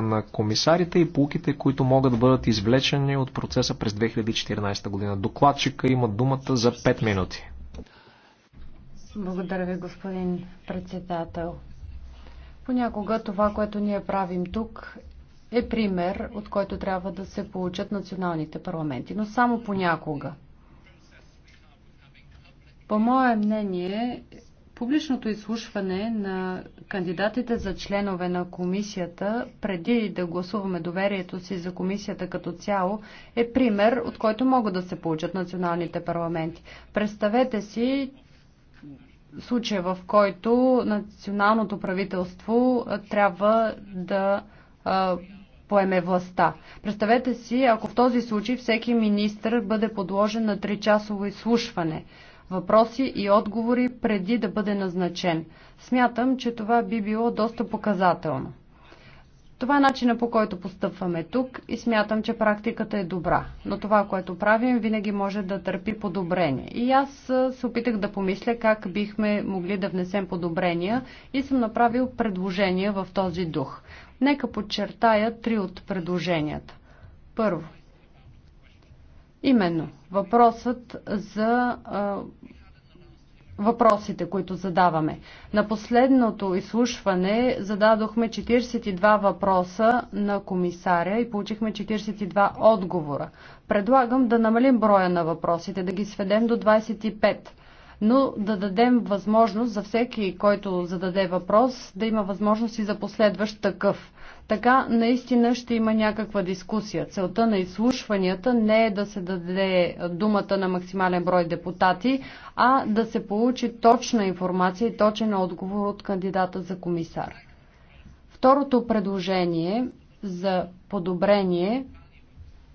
работата на комисарите и полуките, които могат да бъдат извлечени от процеса през 2014 година. Докладчика има думата за 5 минути. Благодаря ви, господин председател. Понякога това, което ние правим тук, е пример, от който трябва да се получат националните парламенти, но само понякога. По мое мнение, Публичното изслушване на кандидатите за членове на комисията, преди да гласуваме доверието си за комисията като цяло, е пример, от който могат да се получат националните парламенти. Представете си случая, в който националното правителство трябва да поеме властта. Представете си, ако в този случай всеки министр бъде подложен на 3-часово изслушване – въпроси и отговори преди да бъде назначен. Смятам, че това би било доста показателно. Това е начина по който постъпваме тук и смятам, че практиката е добра. Но това, което правим, винаги може да търпи подобрение. И аз се опитах да помисля как бихме могли да внесем подобрения и съм направил предложения в този дух. Нека подчертая три от предложенията. Първо, Именно въпросът за а, въпросите, които задаваме. На последното изслушване зададохме 42 въпроса на комисаря и получихме 42 отговора. Предлагам да намалим броя на въпросите, да ги сведем до 25 но да дадем възможност за всеки, който зададе въпрос, да има възможност и за последващ такъв. Така наистина ще има някаква дискусия. Целта на изслушванията не е да се даде думата на максимален брой депутати, а да се получи точна информация и точен отговор от кандидата за комисар. Второто предложение за подобрение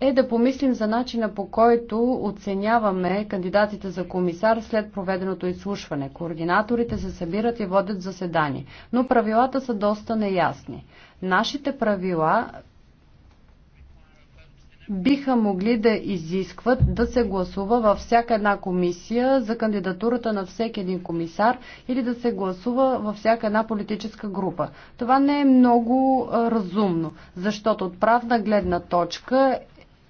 е да помислим за начина по който оценяваме кандидатите за комисар след проведеното изслушване. Координаторите се събират и водят заседание, но правилата са доста неясни. Нашите правила биха могли да изискват да се гласува във всяка една комисия за кандидатурата на всеки един комисар или да се гласува във всяка една политическа група. Това не е много разумно, защото от правна гледна точка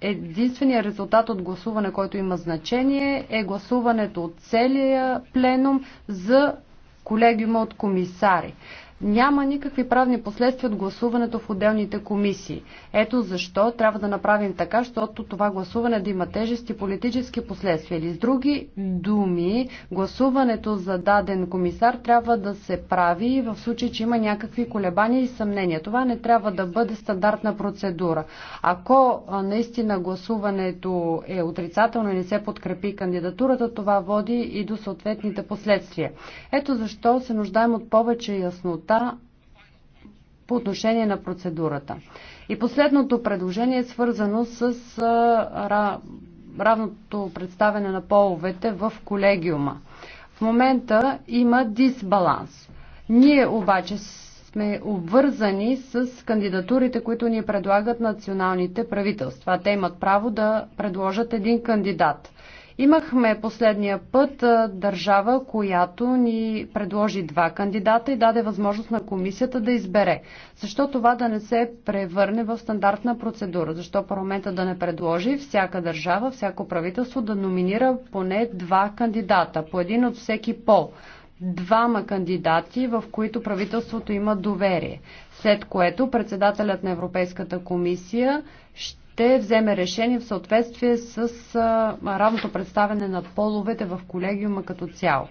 единственият резултат от гласуване, който има значение, е гласуването от целия пленум за колегиума от комисари. Няма никакви правни последствия от гласуването в отделните комисии. Ето защо трябва да направим така, защото това гласуване да има тежести политически последствия. Или с други думи, гласуването за даден комисар трябва да се прави в случай, че има някакви колебания и съмнения. Това не трябва да бъде стандартна процедура. Ако наистина гласуването е отрицателно и не се подкрепи кандидатурата, това води и до съответните последствия. Ето защо се нуждаем от повече яснота яснота по отношение на процедурата. И последното предложение е свързано с равното представяне на половете в колегиума. В момента има дисбаланс. Ние обаче сме обвързани с кандидатурите, които ни предлагат националните правителства. Те имат право да предложат един кандидат. Имахме последния път държава, която ни предложи два кандидата и даде възможност на комисията да избере. Защо това да не се превърне в стандартна процедура? Защо парламента да не предложи всяка държава, всяко правителство да номинира поне два кандидата, по един от всеки пол? двама кандидати, в които правителството има доверие, след което председателят на Европейската комисия ще вземе решение в съответствие с равното представяне на половете в колегиума като цяло.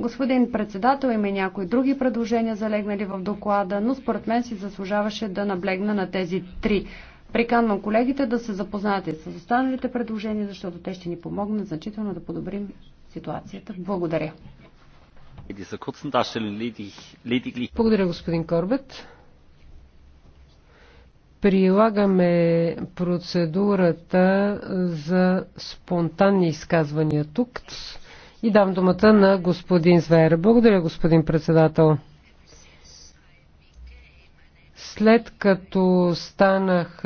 Господин председател, има и някои други предложения залегнали в доклада, но според мен си заслужаваше да наблегна на тези три. Приканвам колегите да се запознаят с останалите предложения, защото те ще ни помогнат значително да подобрим ситуацията. Благодаря. Благодаря, господин Корбет. Прилагаме процедурата за спонтанни изказвания тук и дам думата на господин Звер. Благодаря, господин председател. След като станах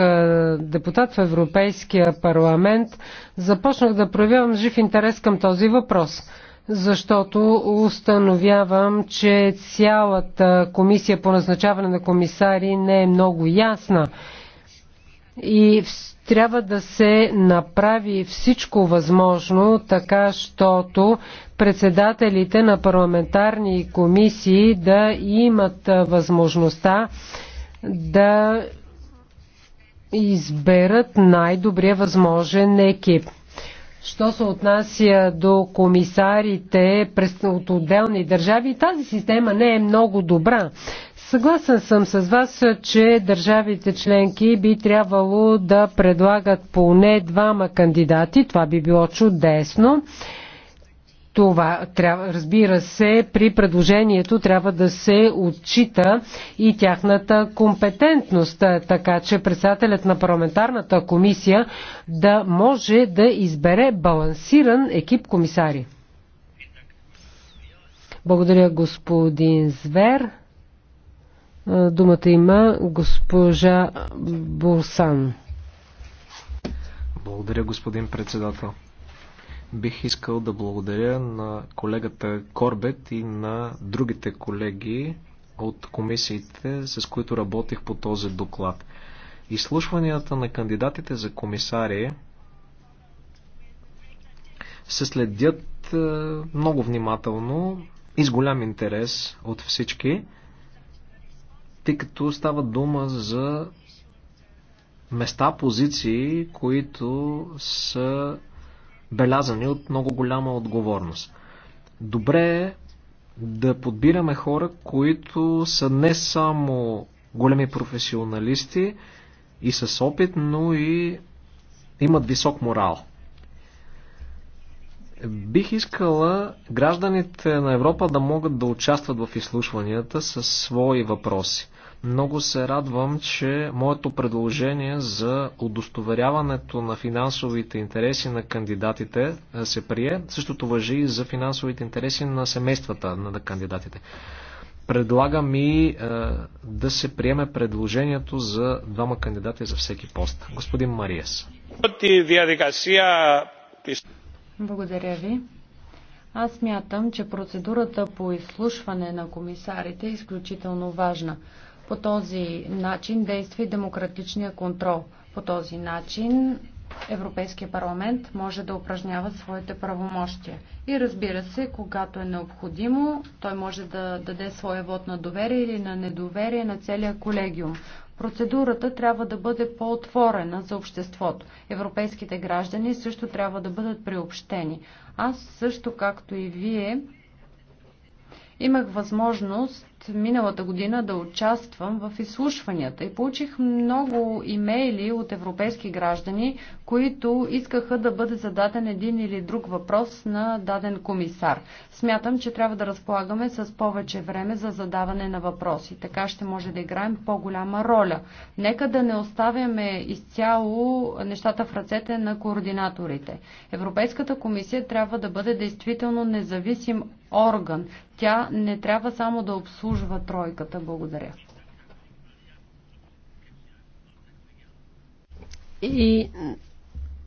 депутат в Европейския парламент, започнах да проявявам жив интерес към този въпрос защото установявам, че цялата комисия по назначаване на комисари не е много ясна. И трябва да се направи всичко възможно, така щото председателите на парламентарни комисии да имат възможността да изберат най-добрия възможен екип. Що се отнася до комисарите от отделни държави, тази система не е много добра. Съгласен съм с вас, че държавите членки би трябвало да предлагат поне двама кандидати. Това би било чудесно. Това трябва, разбира се, при предложението трябва да се отчита и тяхната компетентност, е, така че председателят на парламентарната комисия да може да избере балансиран екип комисари. Благодаря, господин Звер. Е, думата има госпожа Бурсан. Благодаря, господин председател. Бих искал да благодаря на колегата Корбет и на другите колеги от комисиите, с които работих по този доклад. Изслушванията на кандидатите за комисари се следят е, много внимателно и с голям интерес от всички, тъй като става дума за места, позиции, които са белязани от много голяма отговорност. Добре е да подбираме хора, които са не само големи професионалисти и с опит, но и имат висок морал. Бих искала гражданите на Европа да могат да участват в изслушванията със свои въпроси. Много се радвам, че моето предложение за удостоверяването на финансовите интереси на кандидатите е, се прие. Същото въжи и за финансовите интереси на семействата на кандидатите. Предлагам и е, да се приеме предложението за двама кандидати за всеки пост. Господин Мариес. Благодаря ви. Аз мятам, че процедурата по изслушване на комисарите е изключително важна. По този начин действа и демократичния контрол. По този начин Европейския парламент може да упражнява своите правомощия. И разбира се, когато е необходимо, той може да даде своя вод на доверие или на недоверие на целия колегиум. Процедурата трябва да бъде по-отворена за обществото. Европейските граждани също трябва да бъдат приобщени. Аз също, както и вие, имах възможност миналата година да участвам в изслушванията и получих много имейли от европейски граждани, които искаха да бъде зададен един или друг въпрос на даден комисар. Смятам, че трябва да разполагаме с повече време за задаване на въпроси. Така ще може да играем по-голяма роля. Нека да не оставяме изцяло нещата в ръцете на координаторите. Европейската комисия трябва да бъде действително независим орган. Тя не трябва само да обслужва обслужва тройката? Благодаря. И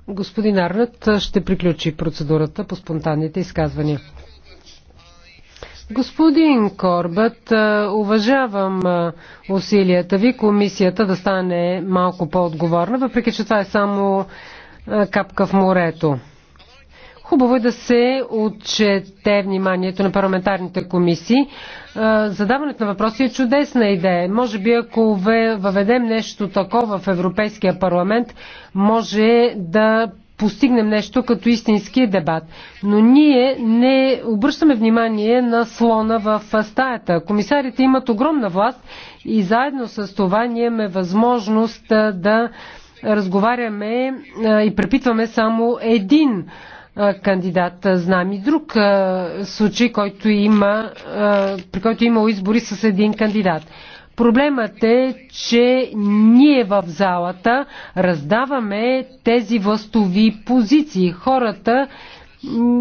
господин Арнет ще приключи процедурата по спонтанните изказвания. Господин Корбът, уважавам усилията ви комисията да стане малко по-отговорна, въпреки че това е само капка в морето. Хубаво е да се отчете вниманието на парламентарните комисии. Задаването на въпроси е чудесна идея. Може би ако въведем нещо такова в Европейския парламент, може да постигнем нещо като истински дебат. Но ние не обръщаме внимание на слона в стаята. Комисарите имат огромна власт и заедно с това ние имаме възможност да разговаряме и препитваме само един кандидат. Знам и друг случай, който има, при който е имало избори с един кандидат. Проблемът е, че ние в залата раздаваме тези властови позиции. Хората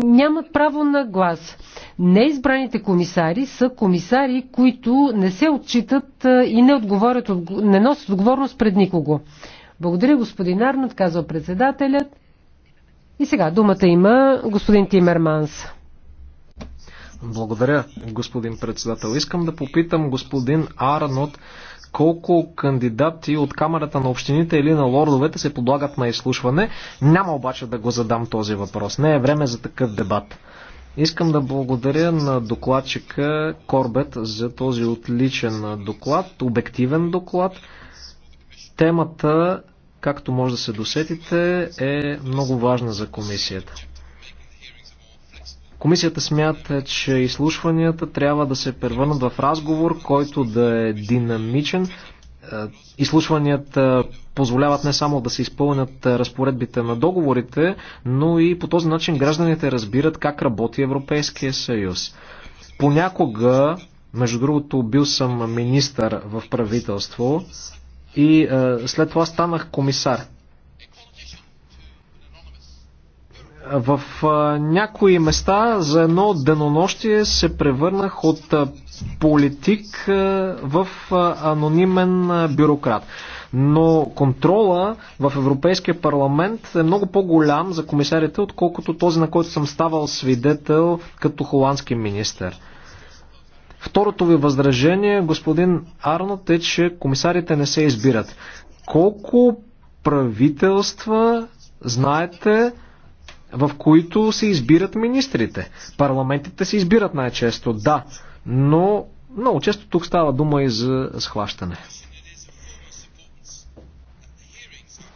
нямат право на глас. Неизбраните комисари са комисари, които не се отчитат и не, отговорят, не носят отговорност пред никого. Благодаря, господин Арнат, казва председателят. И сега думата има господин Тимерманс. Благодаря, господин председател. Искам да попитам господин Арнот колко кандидати от Камерата на общините или на лордовете се подлагат на изслушване. Няма обаче да го задам този въпрос. Не е време за такъв дебат. Искам да благодаря на докладчика Корбет за този отличен доклад, обективен доклад. Темата както може да се досетите, е много важна за комисията. Комисията смята, че изслушванията трябва да се превърнат в разговор, който да е динамичен. Е, изслушванията позволяват не само да се изпълнят разпоредбите на договорите, но и по този начин гражданите разбират как работи Европейския съюз. Понякога, между другото, бил съм министър в правителство, и а, след това станах комисар. В а, някои места за едно денонощие се превърнах от а, политик а, в а, анонимен а, бюрократ. Но контрола в Европейския парламент е много по-голям за комисарите, отколкото този, на който съм ставал свидетел като холандски министър. Второто ви възражение, господин Арнот, е, че комисарите не се избират. Колко правителства знаете, в които се избират министрите? Парламентите се избират най-често, да, но много често тук става дума и за схващане.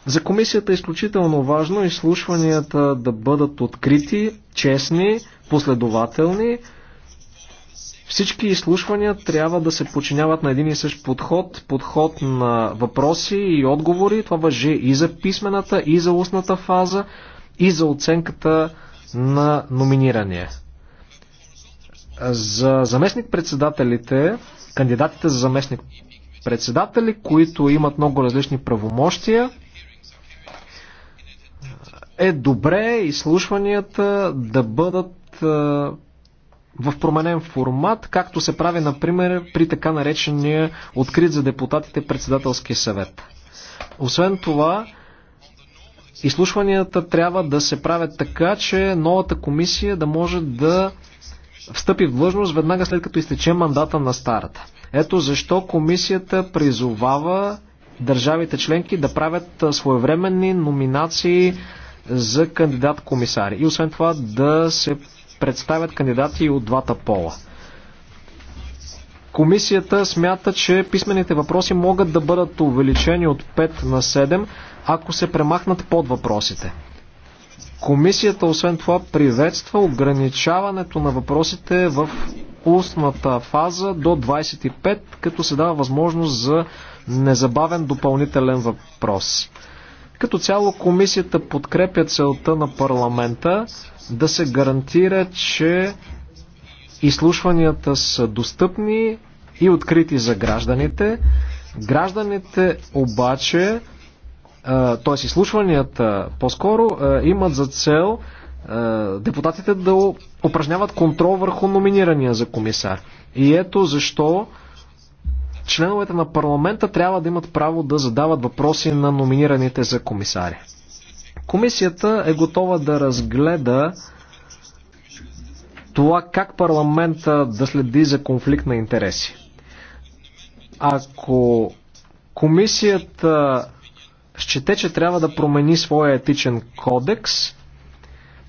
За комисията е изключително важно изслушванията да бъдат открити, честни, последователни, всички изслушвания трябва да се подчиняват на един и същ подход, подход на въпроси и отговори. Това въжи и за писмената, и за устната фаза, и за оценката на номиниране. За заместник-председателите, кандидатите за заместник-председатели, които имат много различни правомощия, е добре изслушванията да бъдат в променен формат, както се прави, например, при така наречения открит за депутатите председателски съвет. Освен това, изслушванията трябва да се правят така, че новата комисия да може да встъпи в длъжност веднага след като изтече мандата на старата. Ето защо комисията призовава държавите членки да правят своевременни номинации за кандидат-комисари. И освен това да се представят кандидати от двата пола. Комисията смята, че писмените въпроси могат да бъдат увеличени от 5 на 7, ако се премахнат под въпросите. Комисията освен това приветства ограничаването на въпросите в устната фаза до 25, като се дава възможност за незабавен допълнителен въпрос. Като цяло комисията подкрепя целта на парламента да се гарантира, че изслушванията са достъпни и открити за гражданите. Гражданите обаче, т.е. изслушванията по-скоро, имат за цел депутатите да упражняват контрол върху номинирания за комисар. И ето защо членовете на парламента трябва да имат право да задават въпроси на номинираните за комисари. Комисията е готова да разгледа това как парламента да следи за конфликт на интереси. Ако комисията счете, че трябва да промени своя етичен кодекс,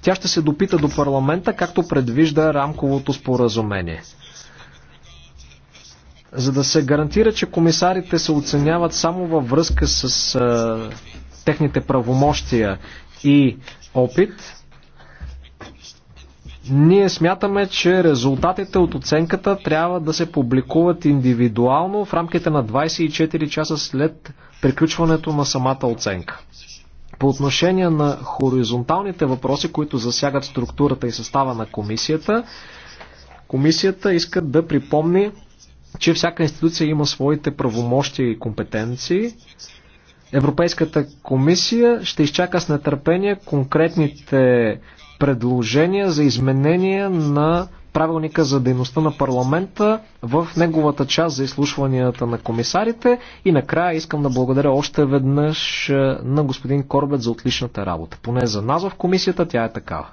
тя ще се допита до парламента, както предвижда рамковото споразумение за да се гарантира, че комисарите се оценяват само във връзка с а, техните правомощия и опит, ние смятаме, че резултатите от оценката трябва да се публикуват индивидуално в рамките на 24 часа след приключването на самата оценка. По отношение на хоризонталните въпроси, които засягат структурата и състава на комисията, комисията иска да припомни че всяка институция има своите правомощия и компетенции. Европейската комисия ще изчака с нетърпение конкретните предложения за изменения на правилника за дейността на парламента в неговата част за изслушванията на комисарите. И накрая искам да благодаря още веднъж е, на господин Корбет за отличната работа. Поне за нас в комисията тя е такава.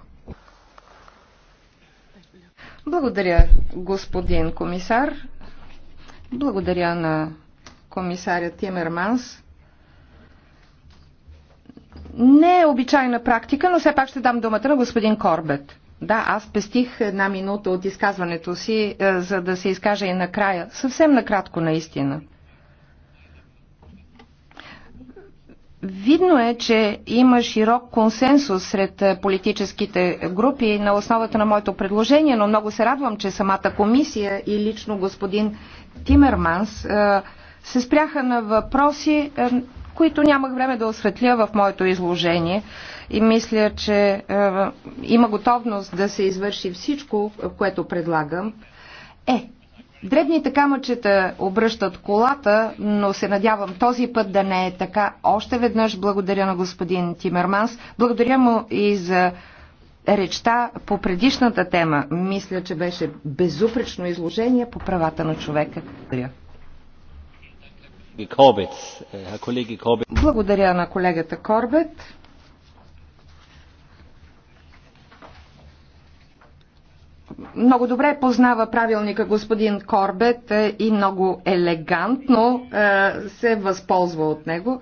Благодаря, господин комисар. Благодаря на комисаря Тимерманс. Не е обичайна практика, но все пак ще дам думата на господин Корбет. Да, аз пестих една минута от изказването си, е, за да се изкажа и накрая. Съвсем накратко, наистина. Видно е, че има широк консенсус сред е, политическите групи на основата на моето предложение, но много се радвам, че самата комисия и лично господин Тимерманс е, се спряха на въпроси, е, които нямах време да осветля в моето изложение и мисля, че е, има готовност да се извърши всичко, което предлагам. Е, Дребните камъчета обръщат колата, но се надявам този път да не е така. Още веднъж благодаря на господин Тимерманс. Благодаря му и за речта по предишната тема. Мисля, че беше безупречно изложение по правата на човека. Благодаря. Э, Благодаря на колегата Корбет. Много добре познава правилника господин Корбет э, и много елегантно э, се възползва от него.